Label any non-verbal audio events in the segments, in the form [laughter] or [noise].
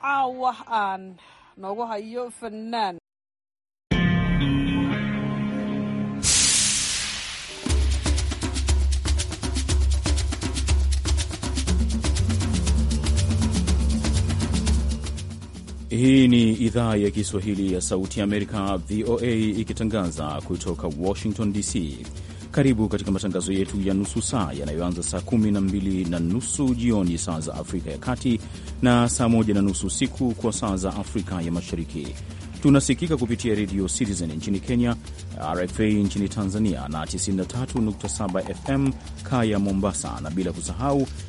caaw aan noogu hayo fanaan Hii ni idhaa ya Kiswahili ya Sauti ya Amerika, VOA, ikitangaza kutoka Washington DC. Karibu katika matangazo yetu ya nusu saa yanayoanza saa kumi na mbili na nusu jioni saa za Afrika ya Kati na saa moja na nusu usiku kwa saa za Afrika ya Mashariki. Tunasikika kupitia redio Citizen nchini Kenya, RFA nchini Tanzania na 93.7 FM Kaya Mombasa, na bila kusahau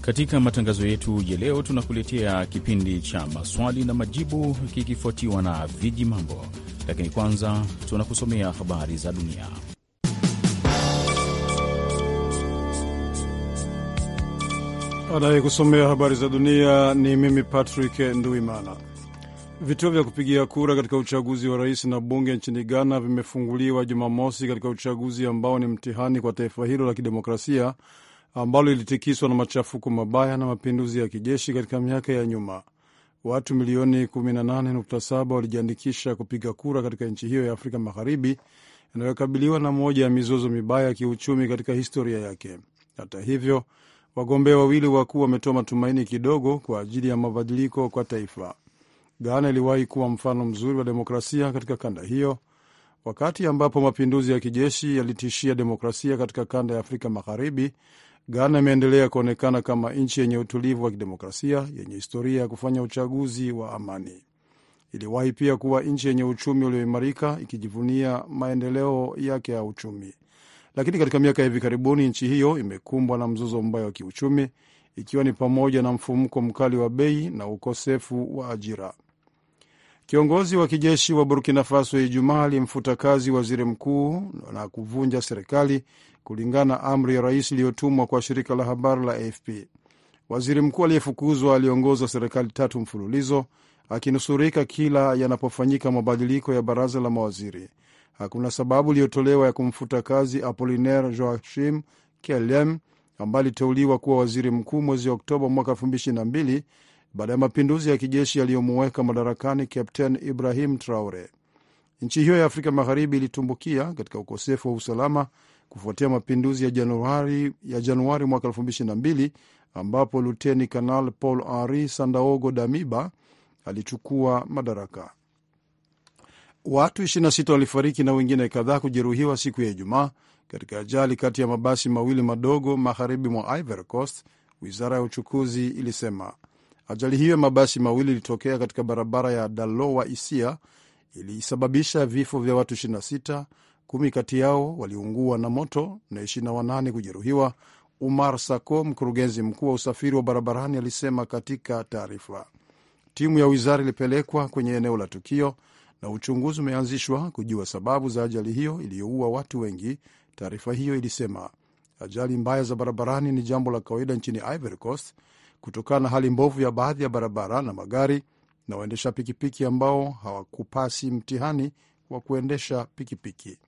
Katika matangazo yetu ya leo tunakuletea kipindi cha maswali na majibu kikifuatiwa na viji mambo, lakini kwanza tunakusomea habari za dunia. Anayekusomea habari za dunia ni mimi Patrick Nduimana. Vituo vya kupigia kura katika uchaguzi wa rais na bunge nchini Ghana vimefunguliwa Jumamosi katika uchaguzi ambao ni mtihani kwa taifa hilo la kidemokrasia ambalo ilitikiswa na machafuko mabaya na mapinduzi ya kijeshi katika miaka ya nyuma. Watu milioni 18.7 walijiandikisha kupiga kura katika nchi hiyo ya Afrika Magharibi inayokabiliwa na moja ya mizozo mibaya ya kiuchumi katika historia yake. Hata hivyo, wagombea wawili wakuu wametoa matumaini kidogo kwa ajili ya mabadiliko kwa taifa. Ghana iliwahi kuwa mfano mzuri wa demokrasia katika kanda hiyo, wakati ambapo mapinduzi ya kijeshi yalitishia demokrasia katika kanda ya Afrika Magharibi Ghana imeendelea kuonekana kama nchi yenye utulivu wa kidemokrasia yenye historia ya kufanya uchaguzi wa amani. Iliwahi pia kuwa nchi yenye uchumi ulioimarika ikijivunia maendeleo yake ya uchumi, lakini katika miaka ya hivi karibuni nchi hiyo imekumbwa na mzozo mbaya wa kiuchumi, ikiwa ni pamoja na mfumuko mkali wa bei na ukosefu wa ajira. Kiongozi wa kijeshi wa Burkina Faso Ijumaa alimfuta kazi waziri mkuu na kuvunja serikali kulingana na amri ya rais iliyotumwa kwa shirika la habari la AFP. Waziri mkuu aliyefukuzwa aliongoza serikali tatu mfululizo akinusurika kila yanapofanyika mabadiliko ya baraza la mawaziri. Hakuna sababu iliyotolewa ya kumfuta kazi Apolinaire Joachim Kelem ambaye aliteuliwa kuwa waziri mkuu mwezi Oktoba mwaka 2022 baada ya mapinduzi ya kijeshi yaliyomuweka madarakani Kapten Ibrahim Traore. Nchi hiyo ya Afrika Magharibi ilitumbukia katika ukosefu wa usalama kufuatia mapinduzi ya Januari, ya Januari mwaka 2022 ambapo luteni kanal Paul Henri Sandaogo Damiba alichukua madaraka. Watu 26 walifariki na wengine kadhaa kujeruhiwa siku ya Ijumaa katika ajali kati ya mabasi mawili madogo magharibi mwa Ivory Coast, wizara ya uchukuzi ilisema. Ajali hiyo ya mabasi mawili ilitokea katika barabara ya dalowa Isia, ilisababisha vifo vya watu 26 kumi kati yao waliungua na moto na wanane kujeruhiwa. Umar Sako, mkurugenzi mkuu wa usafiri wa barabarani, alisema katika taarifa. Timu ya wizara ilipelekwa kwenye eneo la tukio na uchunguzi umeanzishwa kujua sababu za ajali hiyo iliyoua watu wengi, taarifa hiyo ilisema. Ajali mbaya za barabarani ni jambo la kawaida nchini Ivory Coast kutokana na hali mbovu ya baadhi ya barabara na magari na waendesha pikipiki ambao hawakupasi mtihani wa kuendesha pikipiki.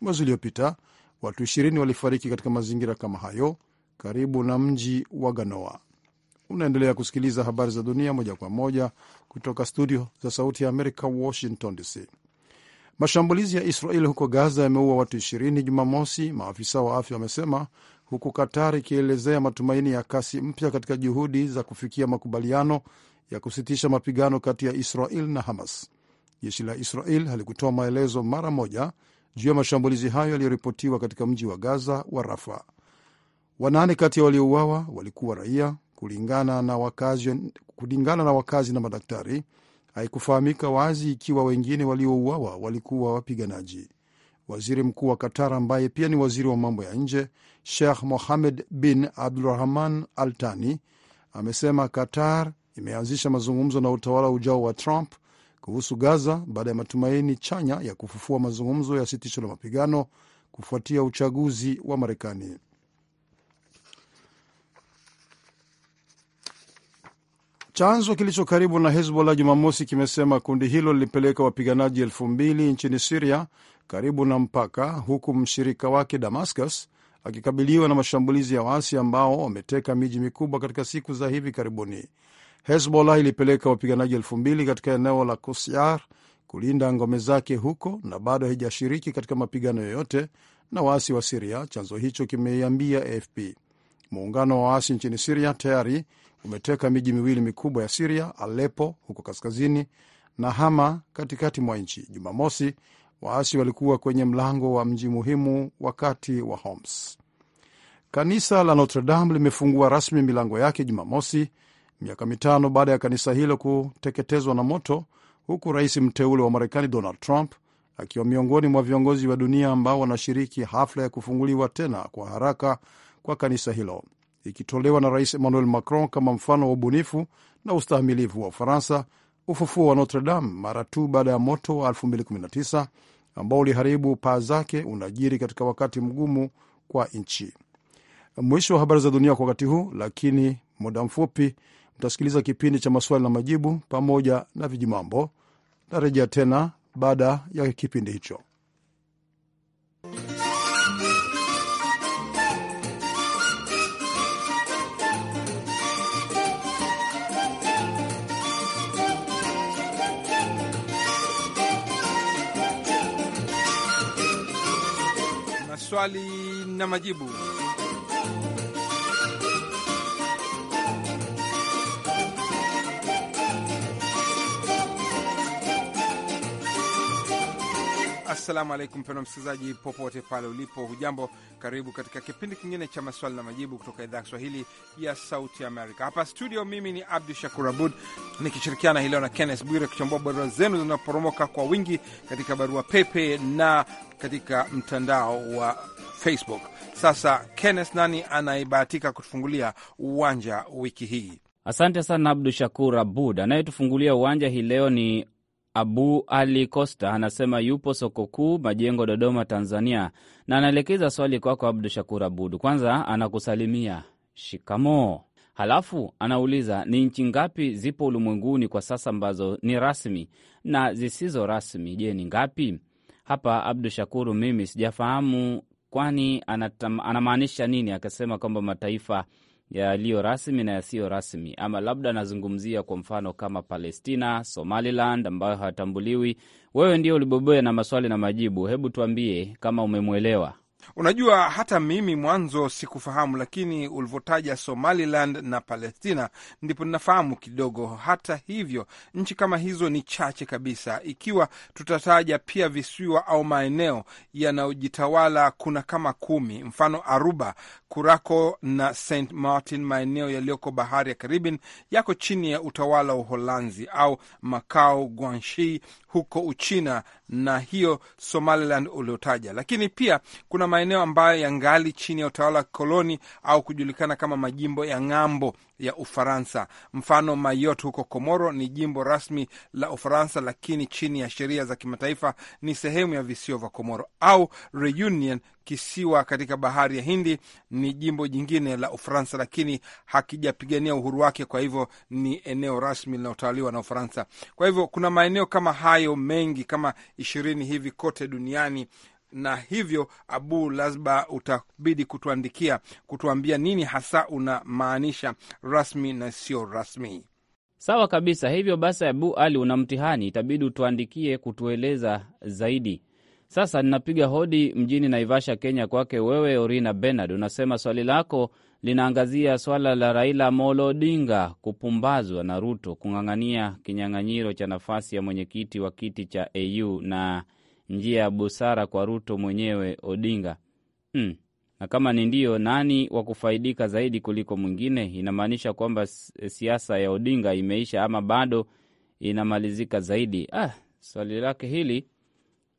Mwezi uliopita watu ishirini walifariki katika mazingira kama hayo karibu na mji wa Ganoa. Unaendelea kusikiliza habari za dunia moja kwa moja kutoka studio za Sauti ya Amerika, Washington DC. Mashambulizi ya israel huko Gaza yameua watu ishirini Jumamosi, maafisa wa afya wamesema, huku katar ikielezea matumaini ya kasi mpya katika juhudi za kufikia makubaliano ya kusitisha mapigano kati ya Israel na Hamas. Jeshi la Israel halikutoa maelezo mara moja juu ya mashambulizi hayo yaliyoripotiwa katika mji wa Gaza wa Rafa. Wanane kati ya waliouawa walikuwa raia, kulingana na wakazi, kulingana na wakazi na madaktari. Haikufahamika wazi ikiwa wengine waliouawa walikuwa wapiganaji. Waziri mkuu wa Qatar ambaye pia ni waziri wa mambo ya nje Sheikh Mohamed bin Abdurahman Al Thani amesema Qatar imeanzisha mazungumzo na utawala ujao wa Trump kuhusu Gaza baada ya matumaini chanya ya kufufua mazungumzo ya sitisho la mapigano kufuatia uchaguzi wa Marekani. Chanzo kilicho karibu na Hezbollah Jumamosi kimesema kundi hilo lilipeleka wapiganaji elfu mbili nchini Siria karibu na mpaka, huku mshirika wake Damascus akikabiliwa na mashambulizi ya waasi ambao wameteka miji mikubwa katika siku za hivi karibuni. Hezbollah ilipeleka wapiganaji elfu mbili katika eneo la kusyar kulinda ngome zake huko na bado haijashiriki katika mapigano yoyote na waasi wa Siria, chanzo hicho kimeiambia AFP. Muungano wa waasi nchini Siria tayari umeteka miji miwili mikubwa ya Siria, Alepo huko kaskazini na Hama katikati mwa nchi. Jumamosi waasi walikuwa kwenye mlango wa mji muhimu wakati wa Homs. Kanisa la Notre Dame limefungua rasmi milango yake Jumamosi miaka mitano baada ya kanisa hilo kuteketezwa na moto, huku rais mteule wa Marekani Donald Trump akiwa miongoni mwa viongozi wa dunia ambao wanashiriki hafla ya kufunguliwa tena kwa haraka kwa kanisa hilo, ikitolewa na Rais Emmanuel Macron kama mfano wa ubunifu na ustahimilivu wa Ufaransa, ufufuo wa Notre Dame mara tu baada ya moto wa 2019 ambao uliharibu paa zake unajiri katika wakati mgumu kwa nchi. Mwisho wa habari za dunia kwa wakati huu, lakini muda mfupi Utasikiliza kipindi cha maswali na majibu pamoja na vijimambo. Tarejea tena baada ya kipindi hicho. Maswali na majibu. Assalamu alaikum pendo msikilizaji, popote pale ulipo, hujambo? Karibu katika kipindi kingine cha maswali na majibu kutoka idhaa ya Kiswahili ya Sauti Amerika. Hapa studio, mimi ni Abdu Shakur Abud nikishirikiana hii leo na Kennes Bwire kuchambua barua zenu zinaporomoka kwa wingi katika barua pepe na katika mtandao wa Facebook. Sasa Kennes, nani anayebahatika kutufungulia uwanja wiki hii? Asante sana Abdu Shakur Abud. Anayetufungulia uwanja hii leo ni Abu Ali Costa anasema yupo soko kuu Majengo, Dodoma, Tanzania, na anaelekeza swali kwako kwa Abdu Shakur Abud. Kwanza anakusalimia shikamoo, halafu anauliza ni nchi ngapi zipo ulimwenguni kwa sasa ambazo ni rasmi na zisizo rasmi? Je, ni ngapi? Hapa Abdu Shakuru, mimi sijafahamu, kwani anamaanisha nini akasema kwamba mataifa yaliyo rasmi na yasiyo rasmi, ama labda anazungumzia kwa mfano kama Palestina, Somaliland ambayo hawatambuliwi. Wewe ndio ulibobea na maswali na majibu, hebu tuambie kama umemwelewa. Unajua, hata mimi mwanzo sikufahamu, lakini ulivyotaja Somaliland na Palestina ndipo ninafahamu kidogo. Hata hivyo, nchi kama hizo ni chache kabisa. Ikiwa tutataja pia visiwa au maeneo yanayojitawala, kuna kama kumi. Mfano Aruba Kurako na St Martin, maeneo yaliyoko bahari ya Karibin, yako chini ya utawala wa Uholanzi au Macau, guanshi huko Uchina na hiyo Somaliland uliotaja, lakini pia kuna maeneo ambayo yangali chini ya utawala wa kikoloni au kujulikana kama majimbo ya ng'ambo ya Ufaransa. Mfano, Mayotte huko Komoro ni jimbo rasmi la Ufaransa, lakini chini ya sheria za kimataifa ni sehemu ya visio vya Komoro, au Reunion kisiwa katika bahari ya Hindi ni jimbo jingine la Ufaransa, lakini hakijapigania uhuru wake. Kwa hivyo ni eneo rasmi linalotawaliwa na Ufaransa. Kwa hivyo kuna maeneo kama hayo mengi kama ishirini hivi kote duniani na hivyo Abu, lazima utabidi kutuandikia kutuambia nini hasa unamaanisha rasmi na sio rasmi. Sawa kabisa. Hivyo basi, Abu Ali, una mtihani, itabidi utuandikie kutueleza zaidi. Sasa ninapiga hodi mjini Naivasha, Kenya, kwake wewe Orina Benard. Unasema swali lako linaangazia swala la Raila Amolo Odinga kupumbazwa na Ruto kung'ang'ania kinyang'anyiro cha nafasi ya mwenyekiti wa kiti cha AU na njia ya busara kwa Ruto mwenyewe Odinga. Hmm. Na kama ni ndio, nani wa kufaidika zaidi kuliko mwingine? Inamaanisha kwamba siasa ya Odinga imeisha ama bado inamalizika zaidi? Ah, swali lake hili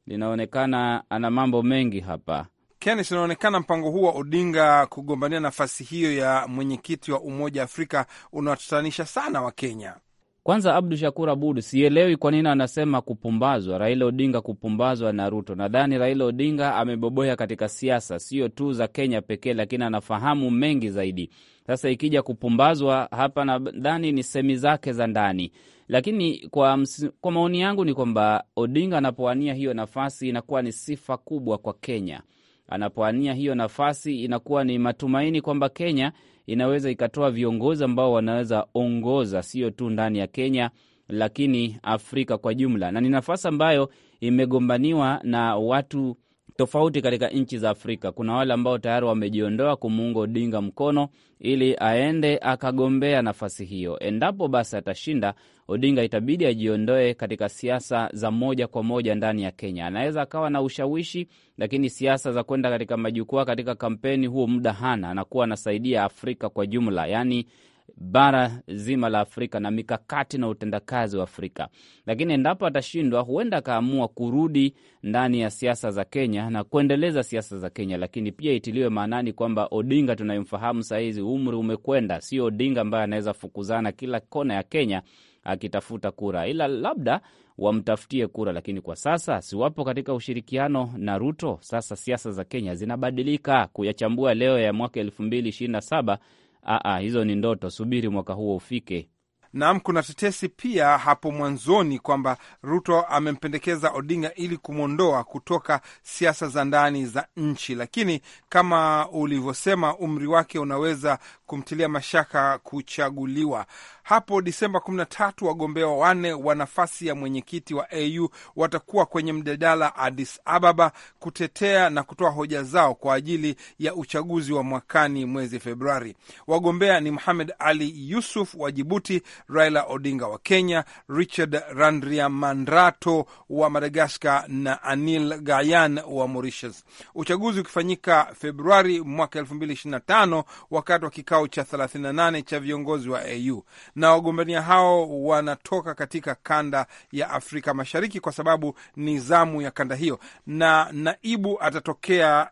linaonekana ana mambo mengi hapa. Kenis, inaonekana mpango huu wa Odinga kugombania nafasi hiyo ya mwenyekiti wa Umoja wa Afrika unawatatanisha sana Wakenya. Kwanza, Abdu Shakur Abud, sielewi kwa nini anasema kupumbazwa Raila Odinga, kupumbazwa na Ruto. Nadhani Raila Odinga ameboboya katika siasa, sio tu za Kenya pekee, lakini anafahamu mengi zaidi. Sasa ikija kupumbazwa hapa, nadhani ni semi zake za ndani. Lakini kwa, kwa maoni yangu ni kwamba Odinga anapoania hiyo nafasi inakuwa ni sifa kubwa kwa Kenya. Anapoania hiyo nafasi inakuwa ni matumaini kwamba Kenya inaweza ikatoa viongozi ambao wanaweza ongoza, sio tu ndani ya Kenya lakini Afrika kwa jumla, na ni nafasi ambayo imegombaniwa na watu tofauti katika nchi za Afrika. Kuna wale ambao tayari wamejiondoa kumuunga Odinga mkono ili aende akagombea nafasi hiyo. Endapo basi atashinda, Odinga itabidi ajiondoe katika siasa za moja kwa moja ndani ya Kenya. Anaweza akawa na ushawishi, lakini siasa za kwenda katika majukwaa katika kampeni, huo muda hana, anakuwa anasaidia Afrika kwa jumla, yaani bara zima la Afrika na mikakati na utendakazi wa Afrika. Lakini endapo atashindwa, huenda akaamua kurudi ndani ya siasa za Kenya na kuendeleza siasa za Kenya. Lakini pia itiliwe maanani kwamba Odinga tunayemfahamu sahizi, umri umekwenda, sio Odinga ambaye anaweza fukuzana kila kona ya Kenya akitafuta kura, ila labda wamtafutie kura. Lakini kwa sasa siwapo katika ushirikiano na Ruto. Sasa siasa za Kenya zinabadilika. Kuyachambua leo ya mwaka elfu mbili ishirini na saba Aa, ah, ah, hizo ni ndoto, subiri mwaka huo ufike. Naam, kuna tetesi pia hapo mwanzoni kwamba Ruto amempendekeza Odinga ili kumwondoa kutoka siasa za ndani za nchi, lakini kama ulivyosema, umri wake unaweza kumtilia mashaka kuchaguliwa. Hapo Disemba 13 wagombea wanne wa nafasi ya mwenyekiti wa AU watakuwa kwenye mjadala Addis Ababa kutetea na kutoa hoja zao kwa ajili ya uchaguzi wa mwakani mwezi Februari. Wagombea ni Muhamed Ali Yusuf wa Jibuti, Raila Odinga wa Kenya, Richard Randriamandrato wa Madagaskar na Anil Gayan wa Mauritius. Uchaguzi ukifanyika Februari mwaka 2025 wakati wa kikao cha 38 cha viongozi wa AU na wagombania hao wanatoka katika kanda ya Afrika Mashariki kwa sababu ni zamu ya kanda hiyo, na naibu atatokea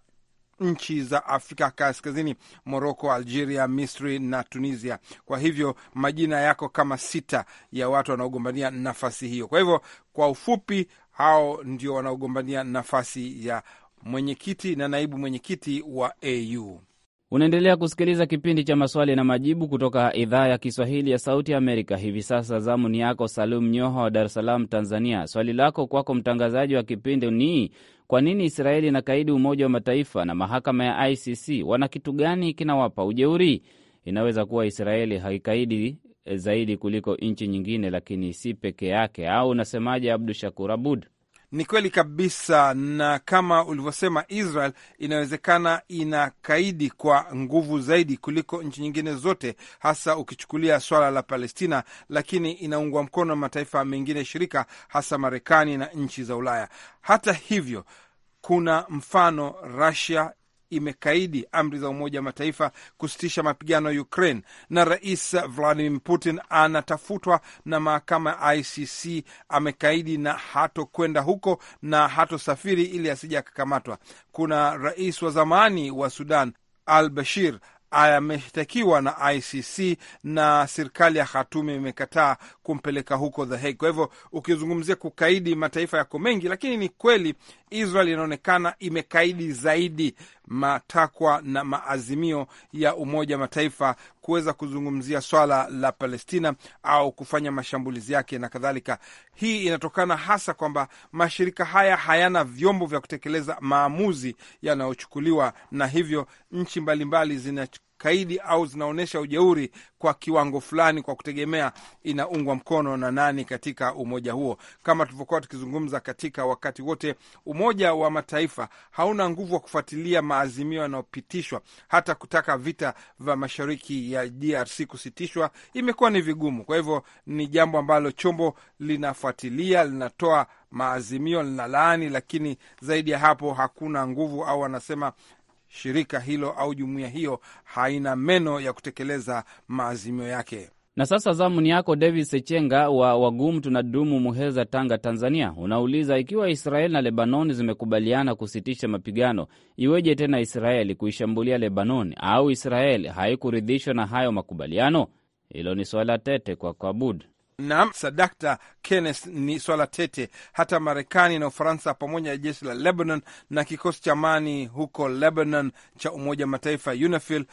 nchi za Afrika Kaskazini, Moroko, Algeria, Misri na Tunisia. Kwa hivyo majina yako kama sita ya watu wanaogombania nafasi hiyo. Kwa hivyo kwa ufupi, hao ndio wanaogombania nafasi ya mwenyekiti na naibu mwenyekiti wa AU. Unaendelea kusikiliza kipindi cha maswali na majibu kutoka idhaa ya Kiswahili ya Sauti Amerika. Hivi sasa zamu ni yako Salum Nyoha wa Dar es Salaam, Tanzania. Swali lako kwako mtangazaji wa kipindi ni kwa nini Israeli inakaidi Umoja wa Mataifa na mahakama ya ICC? Wana kitu gani kinawapa ujeuri? Inaweza kuwa Israeli haikaidi eh, zaidi kuliko nchi nyingine, lakini si peke yake, au unasemaje, Abdu Shakur Abud? Ni kweli kabisa, na kama ulivyosema, Israel inawezekana inakaidi kwa nguvu zaidi kuliko nchi nyingine zote, hasa ukichukulia swala la Palestina, lakini inaungwa mkono na mataifa mengine shirika, hasa Marekani na nchi za Ulaya. Hata hivyo kuna mfano Russia, imekaidi amri za Umoja wa Mataifa kusitisha mapigano ya Ukraine, na Rais Vladimir Putin anatafutwa na mahakama ya ICC. Amekaidi na hatokwenda huko na hatosafiri ili asije akakamatwa. Kuna rais wa zamani wa Sudan Al Bashir ameshtakiwa na ICC na serikali ya Khatumi imekataa kumpeleka huko The Hague. Kwa hivyo ukizungumzia kukaidi, mataifa yako mengi, lakini ni kweli Israel inaonekana imekaidi zaidi matakwa na maazimio ya Umoja wa Mataifa kuweza kuzungumzia swala la Palestina au kufanya mashambulizi yake na kadhalika. Hii inatokana hasa kwamba mashirika haya hayana vyombo vya kutekeleza maamuzi yanayochukuliwa, na hivyo nchi mbalimbali zina kaidi au zinaonyesha ujeuri kwa kiwango fulani, kwa kutegemea inaungwa mkono na nani katika umoja huo. Kama tulivyokuwa tukizungumza katika wakati wote, Umoja wa Mataifa hauna nguvu wa kufuatilia maazimio yanayopitishwa. Hata kutaka vita vya mashariki ya DRC kusitishwa imekuwa ni vigumu. Kwa hivyo ni jambo ambalo chombo linafuatilia, linatoa maazimio, lina laani lakini zaidi ya hapo hakuna nguvu, au wanasema shirika hilo au jumuiya hiyo haina meno ya kutekeleza maazimio yake. Na sasa zamu ni yako David Sechenga wa Wagumtu na Dumu, Muheza, Tanga, Tanzania. Unauliza, ikiwa Israeli na Lebanoni zimekubaliana kusitisha mapigano, iweje tena Israeli kuishambulia Lebanoni? Au Israeli haikuridhishwa na hayo makubaliano? Hilo ni swala tete kwa Kabud. Naam, sadakta Kenneth, ni swala tete. Hata Marekani na Ufaransa pamoja na jeshi la Lebanon na kikosi cha amani huko Lebanon cha Umoja Mataifa UNIFIL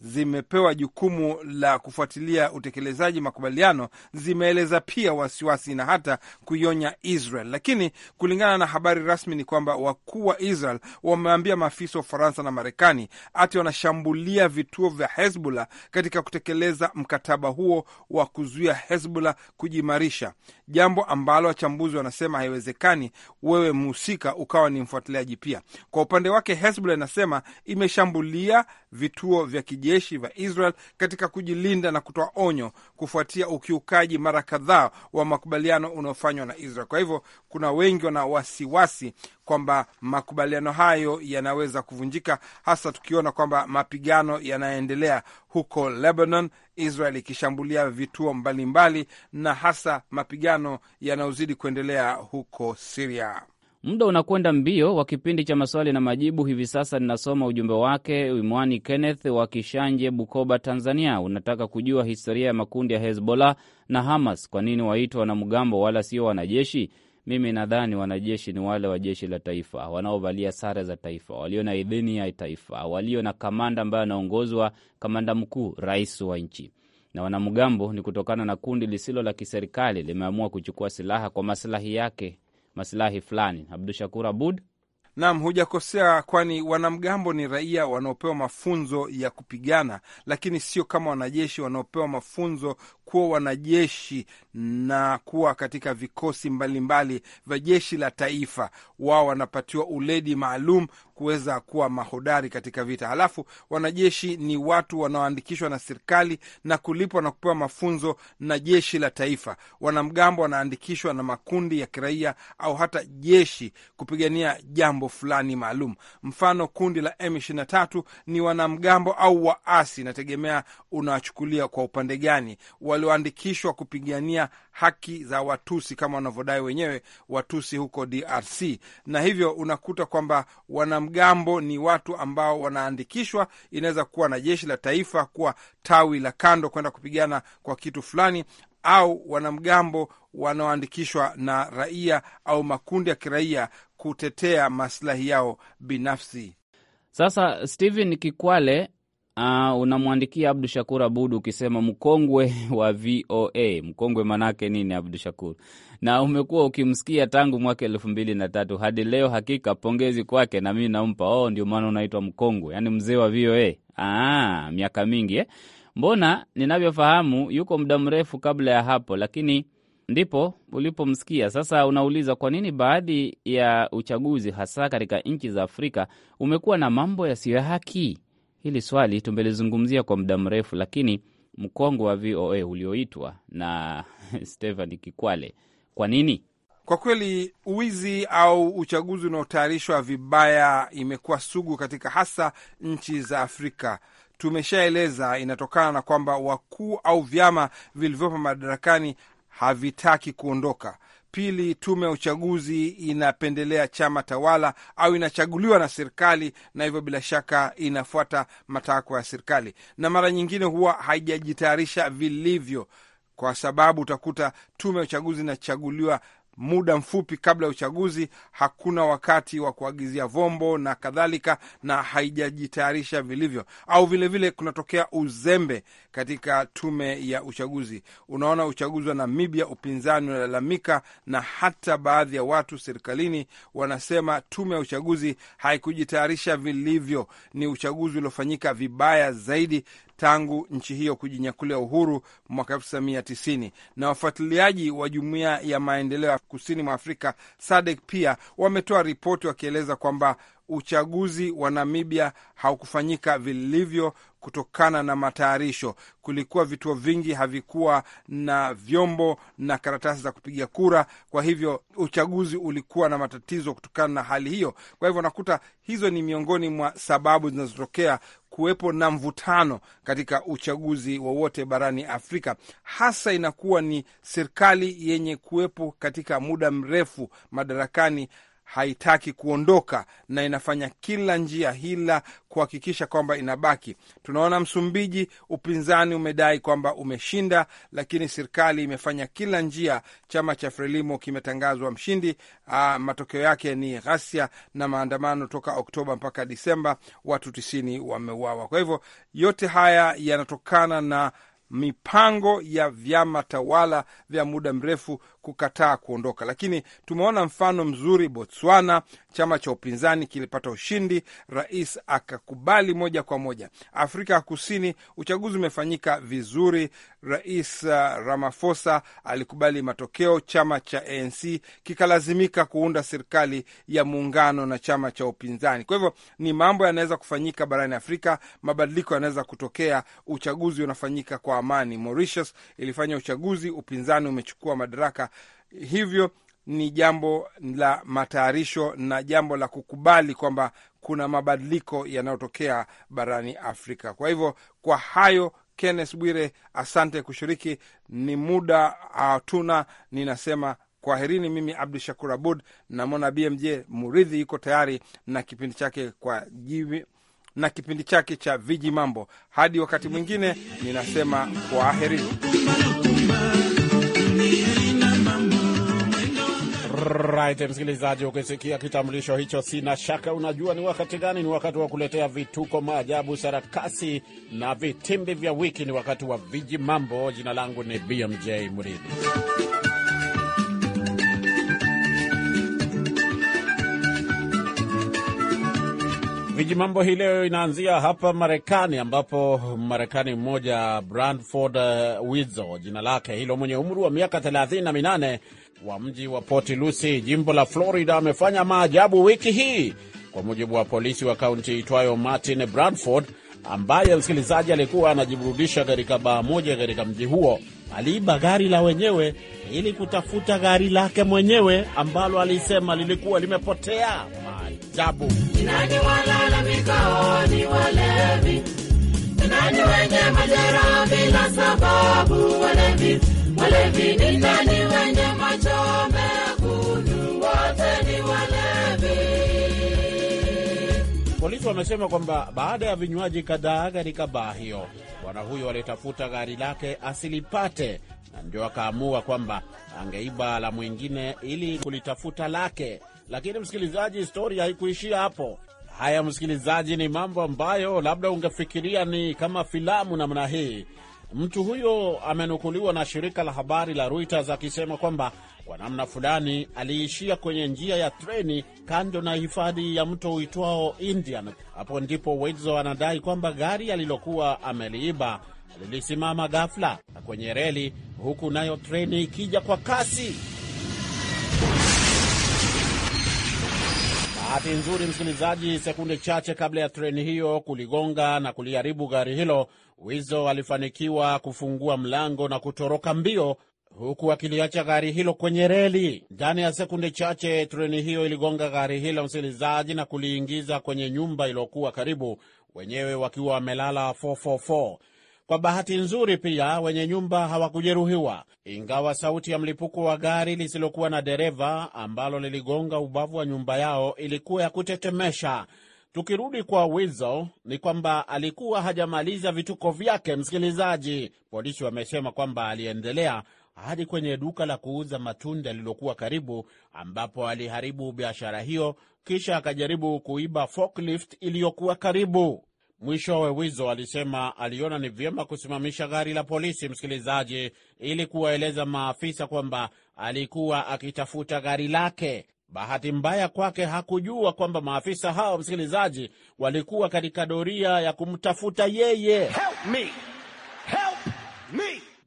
zimepewa jukumu la kufuatilia utekelezaji makubaliano zimeeleza pia wasiwasi na hata kuionya Israel. Lakini kulingana na habari rasmi ni kwamba wakuu wa Israel wameambia maafisa wa Ufaransa na Marekani ati wanashambulia vituo vya Hezbollah katika kutekeleza mkataba huo wa kuzuia Hezbollah kujimarisha, jambo ambalo wachambuzi wanasema haiwezekani wewe mhusika ukawa ni mfuatiliaji pia. Kwa upande wake, Hezbollah inasema imeshambulia vituo vya kijeshi vijeshi vya Israel katika kujilinda na kutoa onyo kufuatia ukiukaji mara kadhaa wa makubaliano unaofanywa na Israel. Kwa hivyo kuna wengi wana wasiwasi kwamba makubaliano hayo yanaweza kuvunjika, hasa tukiona kwamba mapigano yanaendelea huko Lebanon, Israel ikishambulia vituo mbalimbali mbali, na hasa mapigano yanayozidi kuendelea huko Siria. Muda unakwenda mbio wa kipindi cha maswali na majibu. Hivi sasa ninasoma ujumbe wake Wimwani Kenneth wa Kishanje, Bukoba, Tanzania. Unataka kujua historia ya makundi ya Hezbollah na Hamas, kwa nini waitwa wanamgambo wala sio wanajeshi? Mimi nadhani wanajeshi ni wale wa jeshi la taifa wanaovalia sare za taifa, walio na idhini ya taifa, walio na kamanda ambayo anaongozwa kamanda mkuu, rais wa nchi na wanamgambo ni kutokana na kundi lisilo la kiserikali limeamua kuchukua silaha kwa masilahi yake masilahi fulani. Abdu Shakur Abud. Nam, hujakosea, kwani wanamgambo ni raia wanaopewa mafunzo ya kupigana, lakini sio kama wanajeshi wanaopewa mafunzo kuwa wanajeshi na kuwa katika vikosi mbalimbali vya jeshi la taifa, wao wanapatiwa uledi maalum kuweza kuwa mahodari katika vita. Halafu wanajeshi ni watu wanaoandikishwa na serikali na kulipwa na kupewa mafunzo na jeshi la taifa. Wanamgambo wanaandikishwa na makundi ya kiraia au hata jeshi kupigania jambo fulani maalum. Mfano, kundi la M23 ni wanamgambo au waasi, inategemea unawachukulia kwa upande gani walioandikishwa kupigania haki za Watusi kama wanavyodai wenyewe Watusi huko DRC, na hivyo unakuta kwamba wanamgambo ni watu ambao wanaandikishwa, inaweza kuwa na jeshi la taifa, kuwa tawi la kando kwenda kupigana kwa kitu fulani au wanamgambo wanaoandikishwa na raia au makundi ya kiraia kutetea maslahi yao binafsi. Sasa Stephen Kikwale, Uh, unamwandikia Abdu Shakur Abud ukisema mkongwe wa VOA. Mkongwe manake nini, Abdu Shakur? Na umekuwa ukimsikia tangu mwaka elfu mbili na tatu hadi leo. Hakika pongezi kwake, na mimi nampa. Oh, ndio maana unaitwa mkongwe, yani mzee wa VOA. Ah, miaka mingi eh? Mbona ninavyofahamu yuko muda mrefu kabla ya hapo, lakini ndipo ulipomsikia. Sasa unauliza kwa nini baadhi ya uchaguzi hasa katika nchi za Afrika umekuwa na mambo yasiyo ya haki Hili swali tumelizungumzia kwa muda mrefu, lakini mkongo wa VOA ulioitwa na [laughs] Stephen Kikwale, kwa nini kwa kweli uwizi au uchaguzi unaotayarishwa vibaya imekuwa sugu katika hasa nchi za Afrika. Tumeshaeleza inatokana na kwamba wakuu au vyama vilivyopo madarakani havitaki kuondoka. Pili, tume ya uchaguzi inapendelea chama tawala au inachaguliwa na serikali, na hivyo bila shaka inafuata matakwa ya serikali, na mara nyingine huwa haijajitayarisha vilivyo, kwa sababu utakuta tume ya uchaguzi inachaguliwa muda mfupi kabla ya uchaguzi, hakuna wakati wa kuagizia vombo na kadhalika, na haijajitayarisha vilivyo, au vilevile kunatokea uzembe katika tume ya uchaguzi. Unaona uchaguzi wa Namibia, upinzani unalalamika, na hata baadhi ya watu serikalini wanasema tume ya uchaguzi haikujitayarisha vilivyo, ni uchaguzi uliofanyika vibaya zaidi tangu nchi hiyo kujinyakulia uhuru mwaka 1990 na wafuatiliaji wa jumuiya ya maendeleo ya kusini mwa Afrika SADC pia wametoa ripoti wakieleza kwamba uchaguzi wa Namibia haukufanyika vilivyo kutokana na matayarisho. Kulikuwa vituo vingi havikuwa na vyombo na karatasi za kupiga kura, kwa hivyo uchaguzi ulikuwa na matatizo kutokana na hali hiyo. Kwa hivyo nakuta hizo ni miongoni mwa sababu zinazotokea kuwepo na mvutano katika uchaguzi wowote barani Afrika. Hasa inakuwa ni serikali yenye kuwepo katika muda mrefu madarakani haitaki kuondoka na inafanya kila njia hila kuhakikisha kwamba inabaki. Tunaona Msumbiji, upinzani umedai kwamba umeshinda, lakini serikali imefanya kila njia. Chama cha Frelimo kimetangazwa mshindi. Aa, ah, matokeo yake ni ghasia na maandamano toka Oktoba mpaka Disemba, watu tisini wameuawa. Kwa hivyo yote haya yanatokana na mipango ya vyama tawala vya muda mrefu kukataa kuondoka. Lakini tumeona mfano mzuri Botswana, chama cha upinzani kilipata ushindi, rais akakubali moja kwa moja. Afrika ya Kusini uchaguzi umefanyika vizuri, rais uh, Ramaphosa alikubali matokeo, chama cha ANC kikalazimika kuunda serikali ya muungano na chama cha upinzani. Kwa hivyo ni mambo yanaweza kufanyika barani Afrika, mabadiliko yanaweza kutokea, uchaguzi unafanyika kwa amani. Mauritius ilifanya uchaguzi, upinzani umechukua madaraka hivyo ni jambo la matayarisho na jambo la kukubali kwamba kuna mabadiliko yanayotokea barani Afrika. Kwa hivyo kwa hayo, Kenneth Bwire, asante kushiriki. Ni muda ah, hatuna, ninasema kwaherini. Mimi Abdu Shakur Abud, namwona BMJ Muridhi yuko tayari na kipindi chake kwa jivi na kipindi chake cha viji mambo. Hadi wakati mwingine, ninasema kwaherini. Right, msikilizaji, ukisikia kitambulisho hicho, sina shaka unajua ni wakati gani. Ni wakati wa kuletea vituko, maajabu, sarakasi na vitimbi vya wiki. Ni wakati wa viji mambo. Jina langu ni BMJ Mridhi. Viji mambo hii leo inaanzia hapa Marekani, ambapo Marekani mmoja Branford Wizo, uh, Widzo jina lake hilo, mwenye umri wa miaka 38 wa mji wa Port Lucy, jimbo la Florida, amefanya maajabu wiki hii, kwa mujibu wa polisi wa kaunti itwayo Martin. Branford ambaye msikilizaji alikuwa anajiburudisha katika baa moja katika mji huo aliiba gari la wenyewe ili kutafuta gari lake mwenyewe ambalo alisema lilikuwa limepotea. Maajabu! Inani walala walevi. wenye majeraha bila sababu, walevi. Walevi ni nani wenye machome Polisi wamesema kwamba baada ya vinywaji kadhaa katika baa hiyo, bwana huyo alitafuta gari lake asilipate, na ndio akaamua kwamba angeiba la mwingine ili kulitafuta lake. Lakini msikilizaji, stori haikuishia hapo. Haya msikilizaji, ni mambo ambayo labda ungefikiria ni kama filamu namna hii. Mtu huyo amenukuliwa na shirika la habari la Reuters akisema kwamba kwa namna fulani aliishia kwenye njia ya treni kando na hifadhi ya mto uitwao Indian. Hapo ndipo Wedzo anadai kwamba gari alilokuwa ameliiba lilisimama ghafla kwenye reli, huku nayo treni ikija kwa kasi. Bahati nzuri, msikilizaji, sekunde chache kabla ya treni hiyo kuligonga na kuliharibu gari hilo, Wizo alifanikiwa kufungua mlango na kutoroka mbio huku akiliacha gari hilo kwenye reli. Ndani ya sekunde chache treni hiyo iligonga gari hilo, msikilizaji, na kuliingiza kwenye nyumba iliyokuwa karibu, wenyewe wakiwa wamelala 444. Kwa bahati nzuri pia wenye nyumba hawakujeruhiwa, ingawa sauti ya mlipuko wa gari lisilokuwa na dereva ambalo liligonga ubavu wa nyumba yao ilikuwa ya kutetemesha. Tukirudi kwa wizo ni kwamba alikuwa hajamaliza vituko vyake, msikilizaji. Polisi wamesema kwamba aliendelea hadi kwenye duka la kuuza matunda lililokuwa karibu, ambapo aliharibu biashara hiyo, kisha akajaribu kuiba forklift iliyokuwa karibu. Mwishowe Wizo alisema aliona ni vyema kusimamisha gari la polisi, msikilizaji, ili kuwaeleza maafisa kwamba alikuwa akitafuta gari lake. Bahati mbaya kwake hakujua kwamba maafisa hao, msikilizaji, walikuwa katika doria ya kumtafuta yeye. Help me.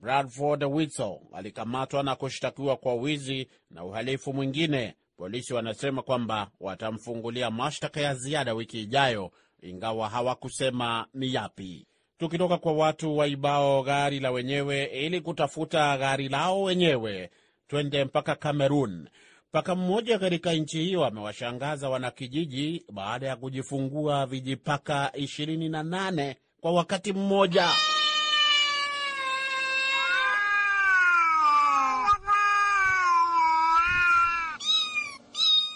Bradford witso alikamatwa na kushtakiwa kwa wizi na uhalifu mwingine. Polisi wanasema kwamba watamfungulia mashtaka ya ziada wiki ijayo, ingawa hawakusema ni yapi. Tukitoka kwa watu waibao gari la wenyewe ili kutafuta gari lao wenyewe, twende mpaka Kamerun. Paka mmoja katika nchi hiyo amewashangaza wanakijiji baada ya kujifungua vijipaka 28 kwa wakati mmoja.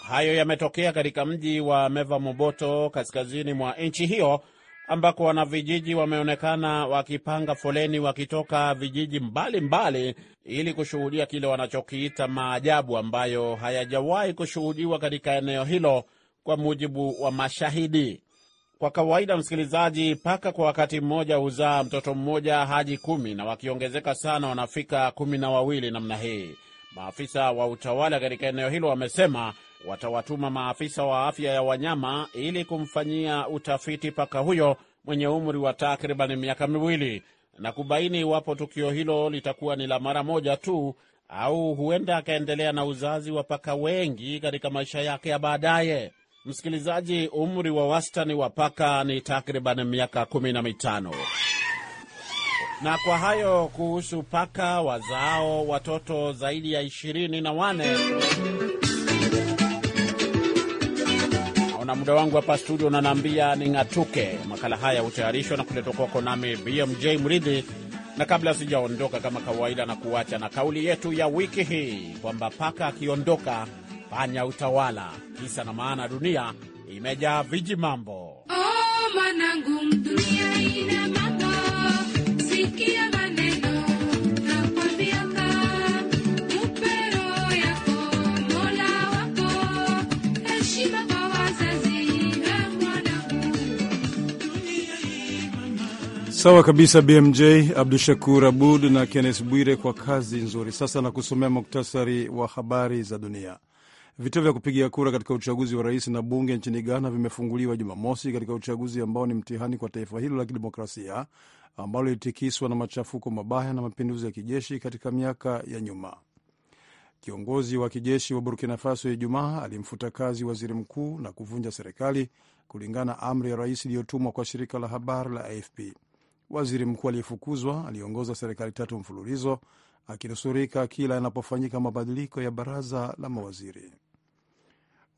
Hayo yametokea katika mji wa Meva Moboto kaskazini mwa nchi hiyo ambako wanavijiji wameonekana wakipanga foleni wakitoka vijiji mbalimbali mbali, ili kushuhudia kile wanachokiita maajabu ambayo hayajawahi kushuhudiwa katika eneo hilo kwa mujibu wa mashahidi. Kwa kawaida, msikilizaji, paka kwa wakati mmoja huzaa mtoto mmoja hadi kumi na wakiongezeka sana wanafika kumi na wawili namna hii. Maafisa wa utawala katika eneo hilo wamesema watawatuma maafisa wa afya ya wanyama ili kumfanyia utafiti paka huyo mwenye umri wa takriban miaka miwili na kubaini iwapo tukio hilo litakuwa ni la mara moja tu au huenda akaendelea na uzazi wa paka wengi katika maisha yake ya baadaye. Msikilizaji, umri wa wastani wa paka ni takriban miaka kumi na mitano. Na kwa hayo kuhusu paka wazao watoto zaidi ya ishirini na wane Naona muda wangu hapa studio nanaambia ning'atuke. Makala haya hutayarishwa na kuletwa kwako nami BMJ Mridhi, na kabla sijaondoka, kama kawaida, na kuacha na kauli yetu ya wiki hii kwamba paka akiondoka panya utawala. Kisa na maana, dunia imejaa viji mambo. Oh, manangu, dunia ina mambo. Sikia Sawa kabisa, BMJ Abdu Shakur Abud na Kennes Bwire kwa kazi nzuri. Sasa na kusomea muktasari wa habari za dunia. Vituo vya kupigia kura katika uchaguzi wa rais na bunge nchini Ghana vimefunguliwa Jumamosi katika uchaguzi ambao ni mtihani kwa taifa hilo la kidemokrasia ambalo lilitikiswa na machafuko mabaya na mapinduzi ya kijeshi katika miaka ya nyuma. Kiongozi wa kijeshi wa Burkina Faso Ijumaa alimfuta kazi waziri mkuu na kuvunja serikali kulingana na amri ya rais iliyotumwa kwa shirika la habari la AFP. Waziri mkuu aliyefukuzwa aliongoza serikali tatu mfululizo akinusurika kila yanapofanyika mabadiliko ya baraza la mawaziri.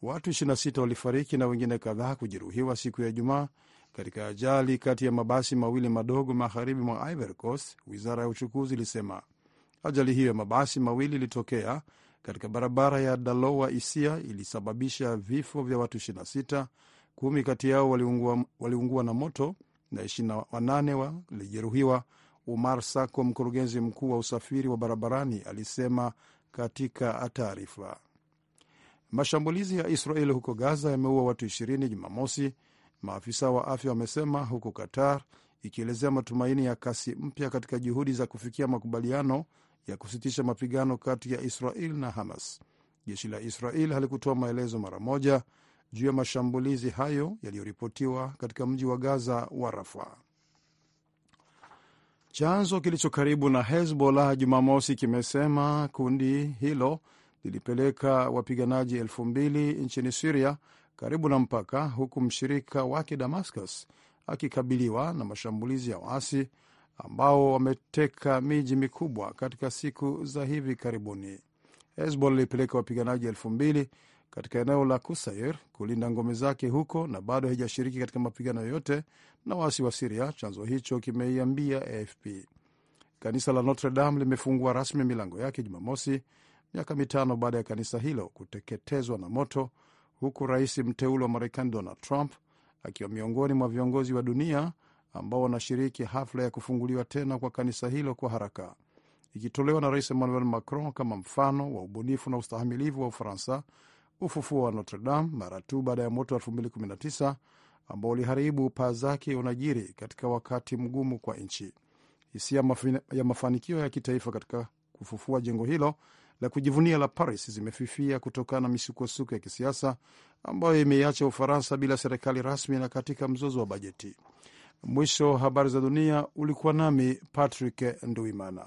Watu 26 walifariki na wengine kadhaa kujeruhiwa siku ya Ijumaa katika ajali kati ya mabasi mawili madogo magharibi mwa Ivory Coast, wizara ya uchukuzi ilisema. Ajali hiyo ya mabasi mawili ilitokea katika barabara ya Daloa Isia ilisababisha vifo vya watu 26, kumi kati yao waliungua, waliungua na moto na 28 walijeruhiwa. Umar Sako, mkurugenzi mkuu wa usafiri wa barabarani, alisema katika taarifa. Mashambulizi ya Israeli huko Gaza yameua watu 20 Jumamosi, maafisa wa afya wamesema, huku Qatar ikielezea matumaini ya kasi mpya katika juhudi za kufikia makubaliano ya kusitisha mapigano kati ya Israel na Hamas. Jeshi la Israel halikutoa maelezo mara moja juu ya mashambulizi hayo yaliyoripotiwa katika mji wa Gaza wa Rafa. Chanzo kilicho karibu na Hezbollah Jumamosi kimesema kundi hilo lilipeleka wapiganaji elfu mbili nchini Siria karibu na mpaka, huku mshirika wake Damascus akikabiliwa na mashambulizi ya waasi ambao wameteka miji mikubwa katika siku za hivi karibuni. Hezbollah ilipeleka wapiganaji elfu mbili katika eneo la Kusair kulinda ngome zake huko na bado haijashiriki katika mapigano yoyote na waasi wa Siria, chanzo hicho kimeiambia AFP. Kanisa la Notre Dame limefungua rasmi milango yake Jumamosi, miaka mitano baada ya kanisa hilo kuteketezwa na moto, huku rais mteule wa Marekani Donald Trump akiwa miongoni mwa viongozi wa dunia ambao wanashiriki hafla ya kufunguliwa tena kwa kanisa hilo kwa haraka, ikitolewa na Rais Emmanuel Macron kama mfano wa ubunifu na ustahamilivu wa Ufaransa ufufuo wa Notre Dame mara tu baada ya moto wa 2019 ambao uliharibu paa zake unajiri katika wakati mgumu kwa nchi. Hisia ya mafanikio ya kitaifa katika kufufua jengo hilo la kujivunia la Paris zimefifia kutokana na misukosuko ya kisiasa ambayo imeiacha Ufaransa bila serikali rasmi na katika mzozo wa bajeti. Mwisho habari za dunia. Ulikuwa nami Patrick Nduimana.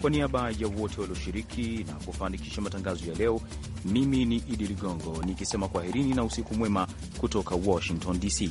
Kwa niaba ya wote walioshiriki na kufanikisha matangazo ya leo, mimi ni Idi Ligongo nikisema kwaherini na usiku mwema kutoka Washington DC.